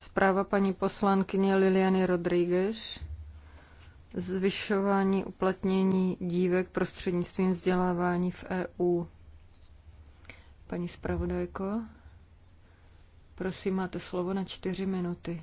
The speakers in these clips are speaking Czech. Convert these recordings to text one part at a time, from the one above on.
Zpráva paní poslankyně Liliany Rodríguez. Zvyšování uplatnění dívek prostřednictvím vzdělávání v EU. Paní zpravodajko, prosím, máte slovo na čtyři minuty.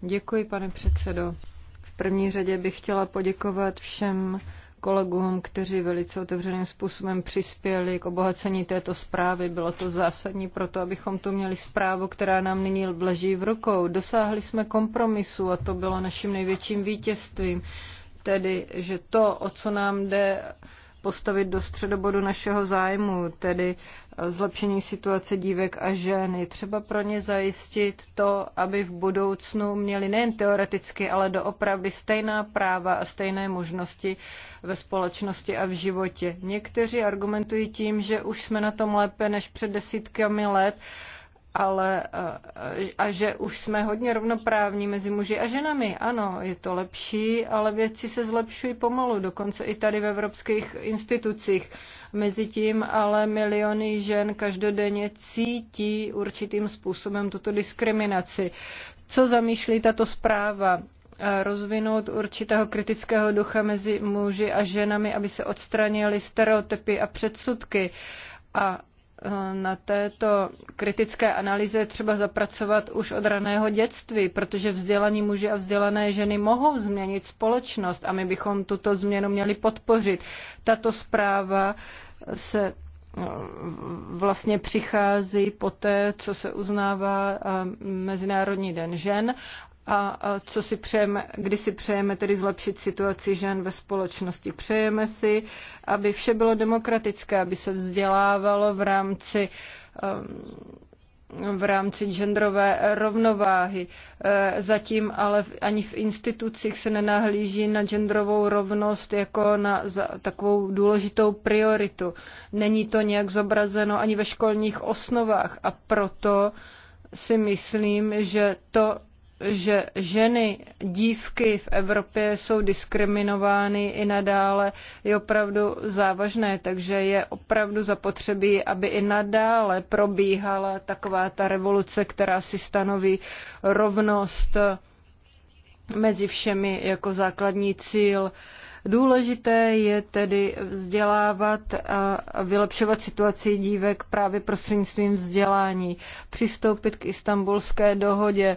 Děkuji, pane předsedo. V první řadě bych chtěla poděkovat všem kolegům, kteří velice otevřeným způsobem přispěli k obohacení této zprávy. Bylo to zásadní pro to, abychom tu měli zprávu, která nám nyní leží v rukou. Dosáhli jsme kompromisu a to bylo naším největším vítězstvím. Tedy, že to, o co nám jde, postavit do středobodu našeho zájmu, tedy eh, zlepšení situace dívek a žen. Je třeba pro ně zajistit to, aby v budoucnu měli nejen teoreticky, ale doopravdy stejná práva a stejné možnosti ve společnosti a v životě. Někteří argumentují tím, že už jsme na tom lépe než před desítkami let, ale eh, a že už jsme hodně rovnoprávní mezi muži a ženami. Ano, je to lepší, ale věci se zlepšují pomalu, dokonce i tady v evropských institucích. Mezitím ale miliony žen každodenně cítí určitým způsobem tuto diskriminaci. Co zamýšlí tato zpráva? Eh, rozvinout určitého kritického ducha mezi muži a ženami, aby se odstranily stereotypy a předsudky a Eh, na této kritické analýze třeba zapracovat už od raného dětství, protože vzdělaní muži a vzdělané ženy mohou změnit společnost a my bychom tuto změnu měli podpořit. Tato zpráva se eh, vlastně přichází po té, co se uznává eh, Mezinárodní den žen a co si přejeme, kdy si přejeme tedy zlepšit situaci žen ve společnosti. Přejeme si, aby vše bylo demokratické, aby se vzdělávalo v rámci um, v rámci genderové rovnováhy. E, zatím ale ani v institucích se nenahlíží na genderovou rovnost jako na takovou důležitou prioritu. Není to nějak zobrazeno ani ve školních osnovách a proto si myslím, že to že ženy, dívky v Evropě jsou diskriminovány i nadále, je opravdu závažné, takže je opravdu zapotřebí, aby i nadále probíhala taková ta revoluce, která si stanoví rovnost mezi všemi jako základní cíl. Důležité je tedy vzdělávat a vylepšovat situaci dívek právě prostřednictvím vzdělání, přistoupit k istambulské dohodě,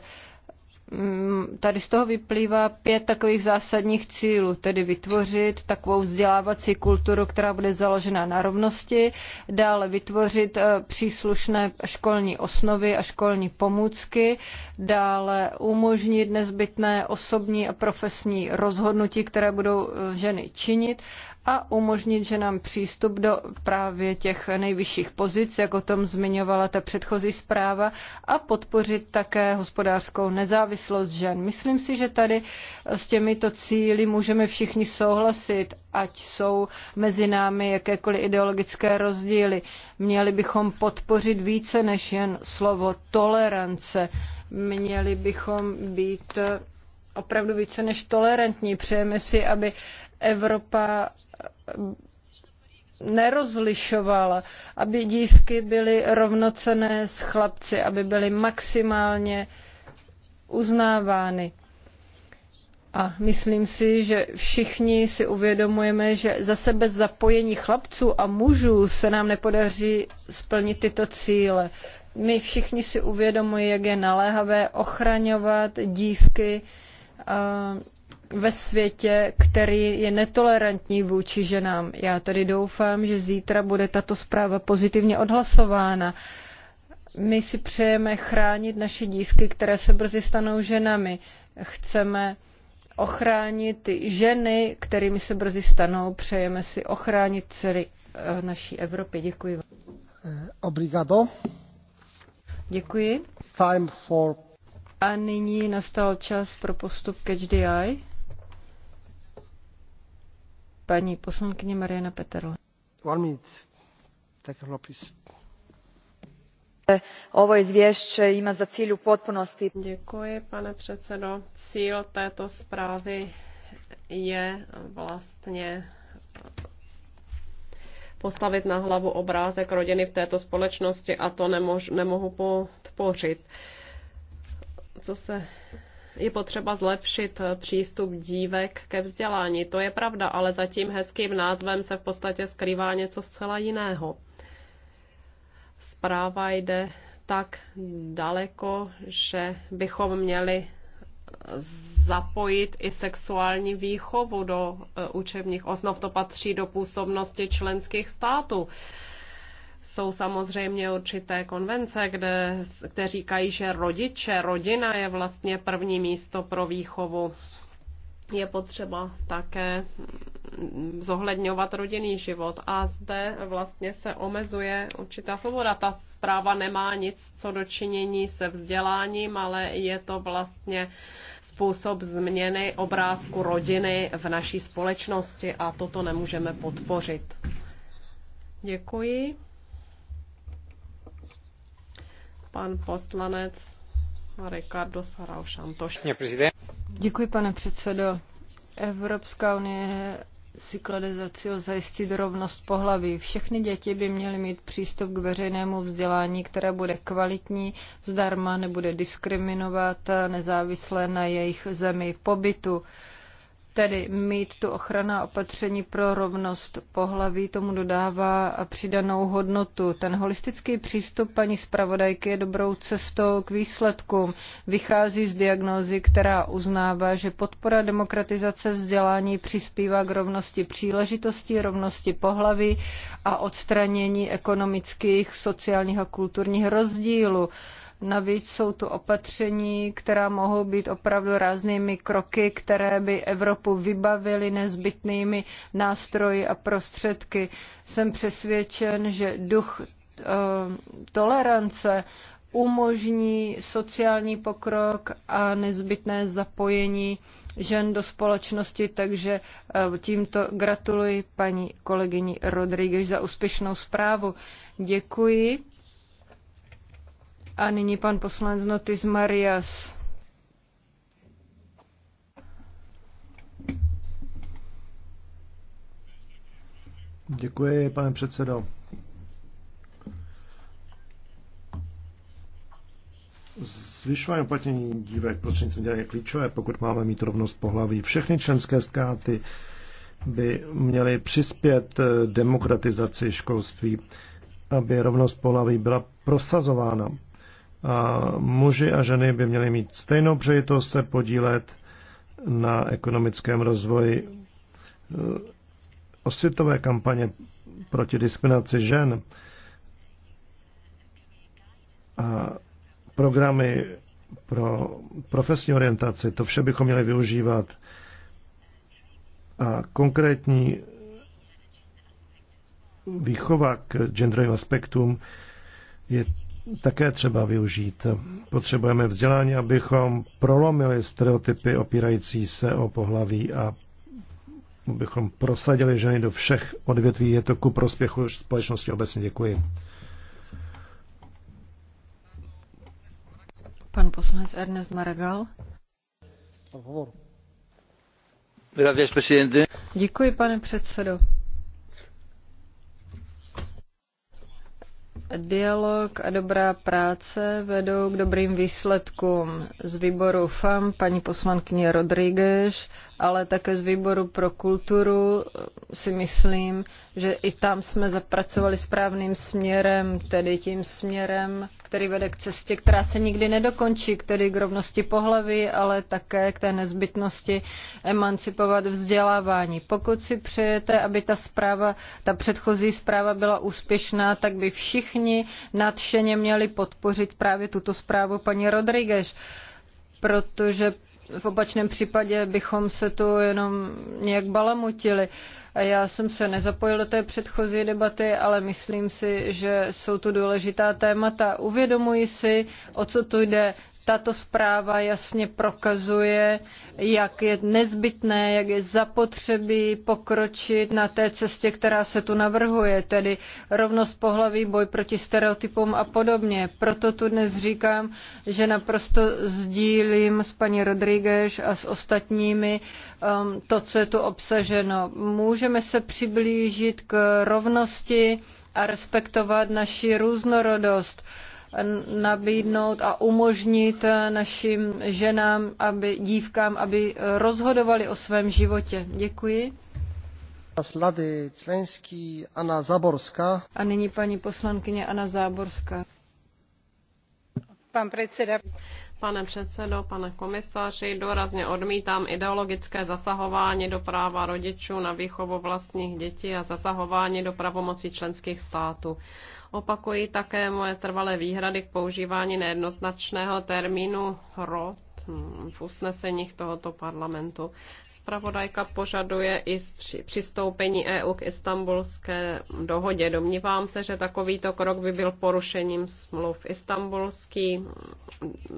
Mm, tady z toho vyplývá pět takových zásadních cílů, tedy vytvořit takovou vzdělávací kulturu, která bude založena na rovnosti, dále vytvořit eh, příslušné školní osnovy a školní pomůcky, dále umožnit nezbytné osobní a profesní rozhodnutí, které budou eh, ženy činit a umožnit, že nám přístup do právě těch nejvyšších pozic, jak o tom zmiňovala ta předchozí zpráva, a podpořit také hospodářskou nezávislost žen. Myslím si, že tady s těmito cíly můžeme všichni souhlasit, ať jsou mezi námi jakékoliv ideologické rozdíly. Měli bychom podpořit více než jen slovo tolerance. Měli bychom být opravdu více než tolerantní. Přejeme si, aby Evropa eh, nerozlišovala, aby dívky byly rovnocené s chlapci, aby byly maximálně uznávány. A myslím si, že všichni si uvědomujeme, že zase bez zapojení chlapců a mužů se nám nepodaří splnit tyto cíle. My všichni si uvědomujeme, jak je naléhavé ochraňovat dívky eh, ve světě, který je netolerantní vůči ženám. Já tady doufám, že zítra bude tato zpráva pozitivně odhlasována. My si přejeme chránit naše dívky, které se brzy stanou ženami. Chceme ochránit ženy, kterými se brzy stanou. Přejeme si ochránit celý eh, naší Evropy. Děkuji vám. Eh, obrigado. Děkuji. Time for... A nyní nastal čas pro postup Catch the Eye paní poslankyně Mariana Peterle. ovo izvješće ima za cilj u potpunosti. Děkuji, pane předsedo. Cíl této zprávy je vlastně postavit na hlavu obrázek rodiny v této společnosti a to nemohu podpořit. Co se je potřeba zlepšit eh, přístup dívek ke vzdělání. To je pravda, ale za tím hezkým názvem se v podstatě skrývá něco zcela jiného. Zpráva jde tak daleko, že bychom měli eh, zapojit i sexuální výchovu do eh, učebních osnov. To patří do působnosti členských států jsou samozřejmě určité konvence, kde, které říkají, že rodiče, rodina je vlastně první místo pro výchovu. Je potřeba také zohledňovat rodinný život a zde vlastně se omezuje určitá svoboda. Ta zpráva nemá nic co dočinění se vzděláním, ale je to vlastně způsob změny obrázku rodiny v naší společnosti a toto nemůžeme podpořit. Děkuji. Pan poslanec Ricardo Sarau Šantoš. Děkuji, pane předsedo. Evropská unie si klade za cíl zajistit rovnost pohlaví. Všechny děti by měly mít přístup k veřejnému vzdělání, které bude kvalitní, zdarma, nebude diskriminovat, nezávisle na jejich zemi pobytu tedy mít tu ochrana opatření pro rovnost pohlaví, tomu dodává a přidanou hodnotu. Ten holistický přístup paní zpravodajky je dobrou cestou k výsledkům. Vychází z diagnózy, která uznává, že podpora demokratizace vzdělání přispívá k rovnosti příležitostí, rovnosti pohlaví a odstranění ekonomických, sociálních a kulturních rozdílů Navíc jsou tu opatření, která mohou být opravdu ráznými kroky, které by Evropu vybavily nezbytnými nástroji a prostředky. Jsem přesvědčen, že duch eh, tolerance umožní sociální pokrok a nezbytné zapojení žen do společnosti, takže eh, tímto gratuluji paní kolegyni Rodríguez za úspěšnou zprávu. Děkuji. A nyní pan poslanec Notis Marias. Děkuji, pane předsedo. Zvyšování uplatnění dívek prostřednictvím děl je klíčové, pokud máme mít rovnost pohlaví. Všechny členské státy by měly přispět demokratizaci školství, aby rovnost pohlaví byla prosazována. A muži a ženy by měli mít stejnou přejitost se podílet na ekonomickém rozvoji. E, osvětové kampaně proti diskriminaci žen a programy pro profesní orientaci, to vše bychom měli využívat. A konkrétní výchova k genderovým aspektům je také třeba využít. Potřebujeme vzdělání, abychom prolomili stereotypy opírající se o pohlaví a abychom prosadili ženy do všech odvětví. Je to ku prospěchu společnosti obecně. Děkuji. Pan poslanec Ernest Maragal. Děkuji, pane předsedo Dialog a dobrá práce vedou k dobrým výsledkům z výboru FAM paní poslankyně Rodríguez, ale také z výboru pro kulturu eh, si myslím, že i tam jsme zapracovali správným směrem, tedy tím směrem, který vede k cestě, která se nikdy nedokončí, který k rovnosti pohlaví, ale také k té nezbytnosti emancipovat vzdělávání. Pokud si přejete, aby ta zpráva, ta předchozí zpráva byla úspěšná, tak by všichni nadšeně měli podpořit právě tuto zprávu paní Rodriguez protože v opačném případě bychom se tu jenom nějak balamutili. A já jsem se nezapojil do té předchozí debaty, ale myslím si, že jsou tu důležitá témata. Uvědomuji si, o co tu jde. Tato zpráva jasně prokazuje, jak je nezbytné, jak je zapotřebí pokročit na té cestě, která se tu navrhuje, tedy rovnost pohlaví, boj proti stereotypům a podobně. Proto tu dnes říkám, že naprosto sdílím s paní Rodríguez a s ostatními um, to, co je tu obsaženo. Můžeme se přiblížit k rovnosti a respektovat naši různorodost. Uh, nabídnout a umožnit našim ženám, aby, dívkám, aby rozhodovali o svém životě. Děkuji. Slady Členský, Anna Záborská. A nyní paní poslankyně Anna Záborská. Pan předseda Pane předsedo, pane komisaři, důrazně odmítám ideologické zasahování do práva rodičů na výchovu vlastních dětí a zasahování do pravomocí členských států. Opakují také moje trvalé výhrady k používání nejednoznačného termínu rod v usneseních tohoto parlamentu. Spravodajka požaduje i při přistoupení EU k istambulské dohodě. Domnívám se, že takovýto krok by byl porušením smluv. Istambulský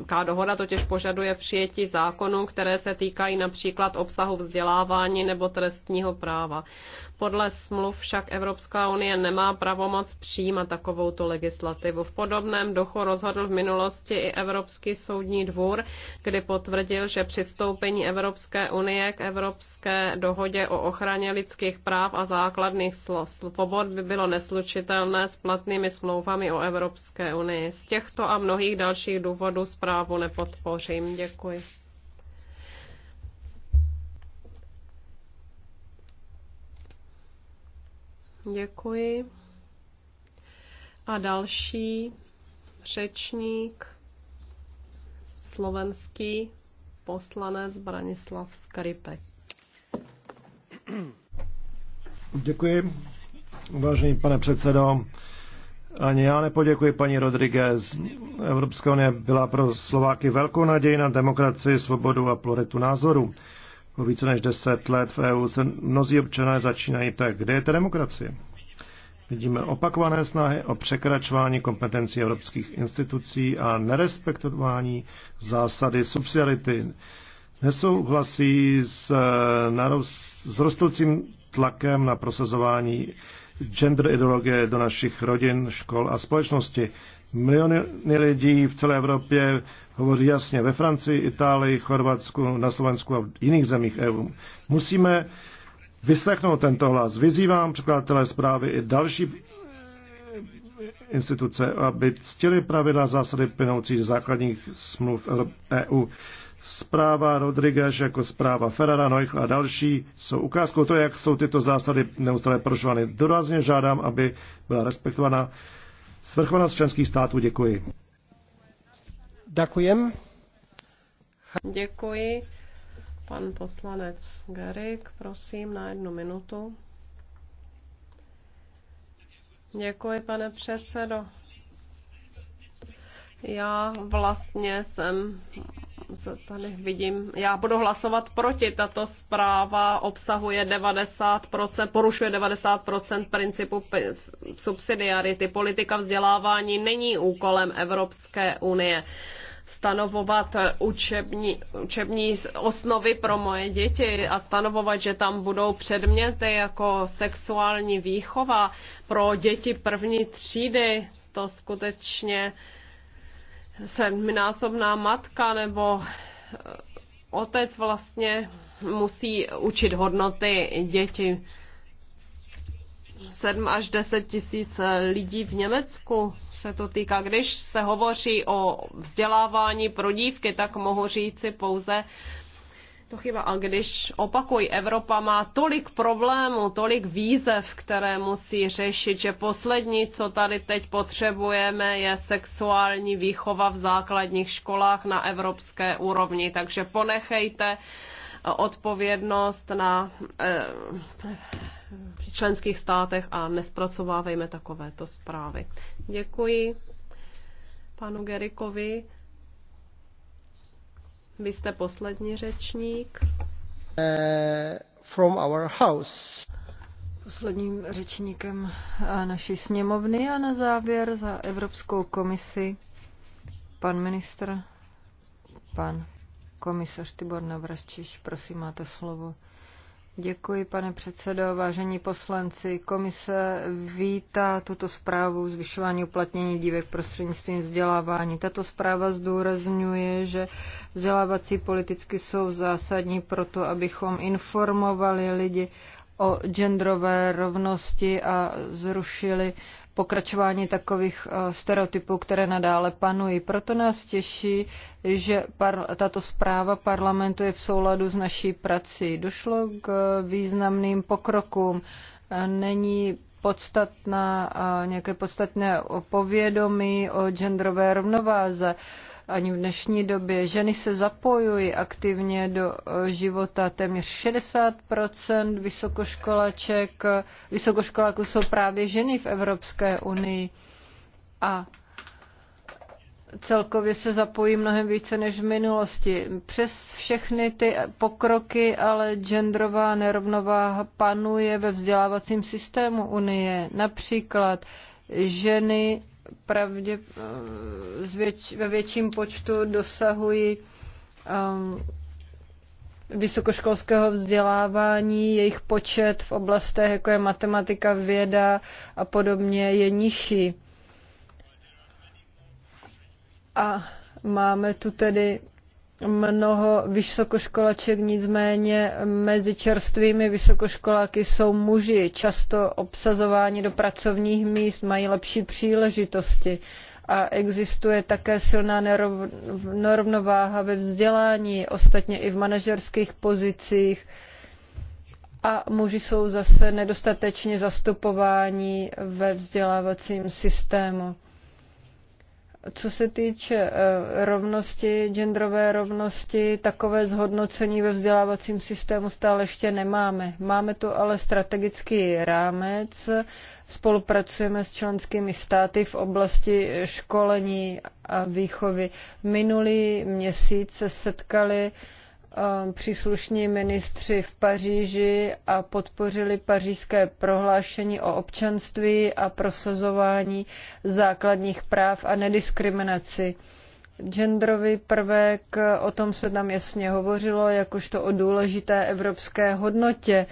ká dohoda totiž požaduje přijetí zákonů, které se týkají například obsahu vzdělávání nebo trestního práva. Podle smluv však Evropská unie nemá pravomoc přijímat takovouto legislativu. V podobném duchu rozhodl v minulosti i Evropský soudní dvůr, kdy potvrdil, že přistoupení Evropské unie k Evropské dohodě o ochraně lidských práv a základních svobod by bylo neslučitelné s platnými smlouvami o Evropské unii. Z těchto a mnohých dalších důvodů zprávu nepodpořím. Děkuji. Děkuji. A další řečník slovenský poslanec Branislav Skripek. Děkuji, vážený pane předsedo. Ani já nepoděkuji paní Rodriguez. Evropská unie byla pro Slováky velkou naději na demokracii, svobodu a pluritu názoru. Po více než deset let v EU se mnozí občané začínají tak, kde je ta demokracie? Vidíme opakované snahy o překračování kompetencí evropských institucí a nerespektování zásady subsidiarity. Nesouhlasí s, s rostoucím tlakem na prosazování gender ideologie do našich rodin, škol a společnosti. Miliony lidí v celé Evropě hovoří jasně ve Francii, Itálii, Chorvatsku, na Slovensku a v jiných zemích EU. Musíme vyslechnout tento hlas. Vyzývám překladatelé zprávy i další instituce, aby ctili pravidla zásady plynoucí ze základních smluv EU. E zpráva Rodriguez jako zpráva Ferrara, Noich a další jsou ukázkou toho, jak jsou tyto zásady neustále porušovány. Dorazně žádám, aby byla respektována svrchovanost členských států. Děkuji. Děkujem. Děkuji. Pan poslanec Garik, prosím, na jednu minutu. Děkuji, pane předsedo. Já vlastně jsem se tady vidím. Já budu hlasovat proti. Tato zpráva obsahuje 90%, porušuje 90% principu subsidiarity. Politika vzdělávání není úkolem Evropské unie stanovovat učební, učební osnovy pro moje děti a stanovovat, že tam budou předměty jako sexuální výchova pro děti první třídy. To skutečně sedminásobná matka nebo eh, otec vlastně musí učit hodnoty děti. 7 až 10 tisíc eh, lidí v Německu se to týká. Když se hovoří o vzdělávání pro dívky, tak mohu říci pouze, to chyba. A když opakuj, Evropa má tolik problémů, tolik výzev, které musí řešit, že poslední, co tady teď potřebujeme, je sexuální výchova v základních školách na evropské úrovni. Takže ponechejte eh, odpovědnost na eh, v členských státech a nespracovávejme takovéto zprávy. Děkuji panu Gerikovi. Vy jste poslední řečník. Uh, from our house. Posledním řečníkem eh, naší sněmovny a na závěr za Evropskou komisi pan ministr, pan komisař Tibor Navrasčiš, prosím, máte slovo. Děkuji, pane předsedo, vážení poslanci. Komise vítá tuto zprávu zvyšování uplatnění dívek prostřednictvím vzdělávání. Tato zpráva zdůrazňuje, že vzdělávací politicky jsou zásadní proto, abychom informovali lidi o genderové rovnosti a zrušili pokračování takových eh, stereotypů, které nadále panují. Proto nás těší, že par, tato zpráva parlamentu je v souladu s naší prací. Došlo k významným pokrokům. Eh, není podstatná, eh, nějaké podstatné povědomí o genderové rovnováze ani v dnešní době. Ženy se zapojují aktivně do eh, života. Téměř 60 vysokoškoláček, eh, vysokoškoláků jsou právě ženy v Evropské unii. A celkově se zapojí mnohem více než v minulosti. Přes všechny ty pokroky ale genderová nerovnováha panuje ve vzdělávacím systému Unie. Například ženy pravdě eh, zvěč, ve větším počtu dosahují um, vysokoškolského vzdělávání, jejich počet v oblastech, jako je matematika, věda a podobně, je nižší. A máme tu tedy mnoho vysokoškolaček, nicméně mezi čerstvými vysokoškoláky jsou muži, často obsazováni do pracovních míst, mají lepší příležitosti a existuje také silná nerovnováha ve vzdělání, ostatně i v manažerských pozicích a muži jsou zase nedostatečně zastupováni ve vzdělávacím systému. Co se týče eh, rovnosti, genderové rovnosti, takové zhodnocení ve vzdělávacím systému stále ještě nemáme. Máme tu ale strategický rámec, spolupracujeme s členskými státy v oblasti školení a výchovy. Minulý měsíc se setkali uh, Eh, příslušní ministři v Paříži a podpořili pařížské prohlášení o občanství a prosazování základních práv a nediskriminaci. Genderový prvek, o tom se tam jasně hovořilo, jakožto o důležité evropské hodnotě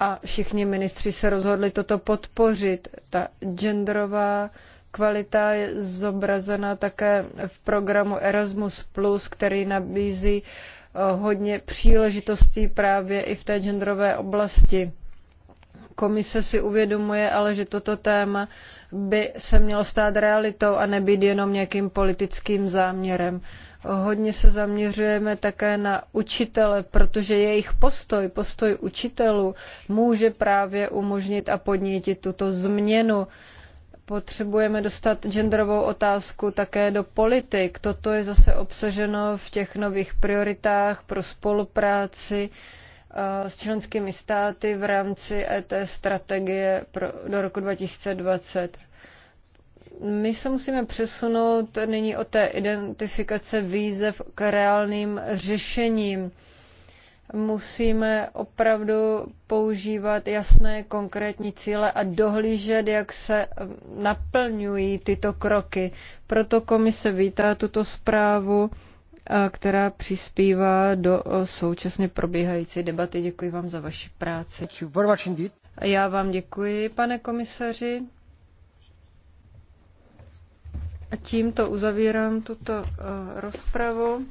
a všichni ministři se rozhodli toto podpořit. Ta genderová kvalita je zobrazena také v programu Erasmus+, který nabízí uh, Eh, hodně příležitostí právě i v té genderové oblasti. Komise si uvědomuje ale, že toto téma by se mělo stát realitou a nebýt jenom nějakým politickým záměrem. Hodně se zaměřujeme také na učitele, protože jejich postoj, postoj učitelů, může právě umožnit a podnítit tuto změnu potřebujeme dostat genderovou otázku také do politik. Toto je zase obsaženo v těch nových prioritách pro spolupráci eh, s členskými státy v rámci ET strategie pro, do roku 2020. My se musíme přesunout nyní o té identifikace výzev k reálným řešením musíme opravdu používat jasné konkrétní cíle a dohlížet, jak se um, naplňují tyto kroky. Proto komise vítá tuto zprávu, uh, která přispívá do uh, současně probíhající debaty. Děkuji vám za vaši práci. Já vám děkuji, pane komisaři. A tímto uzavírám tuto uh, rozpravu.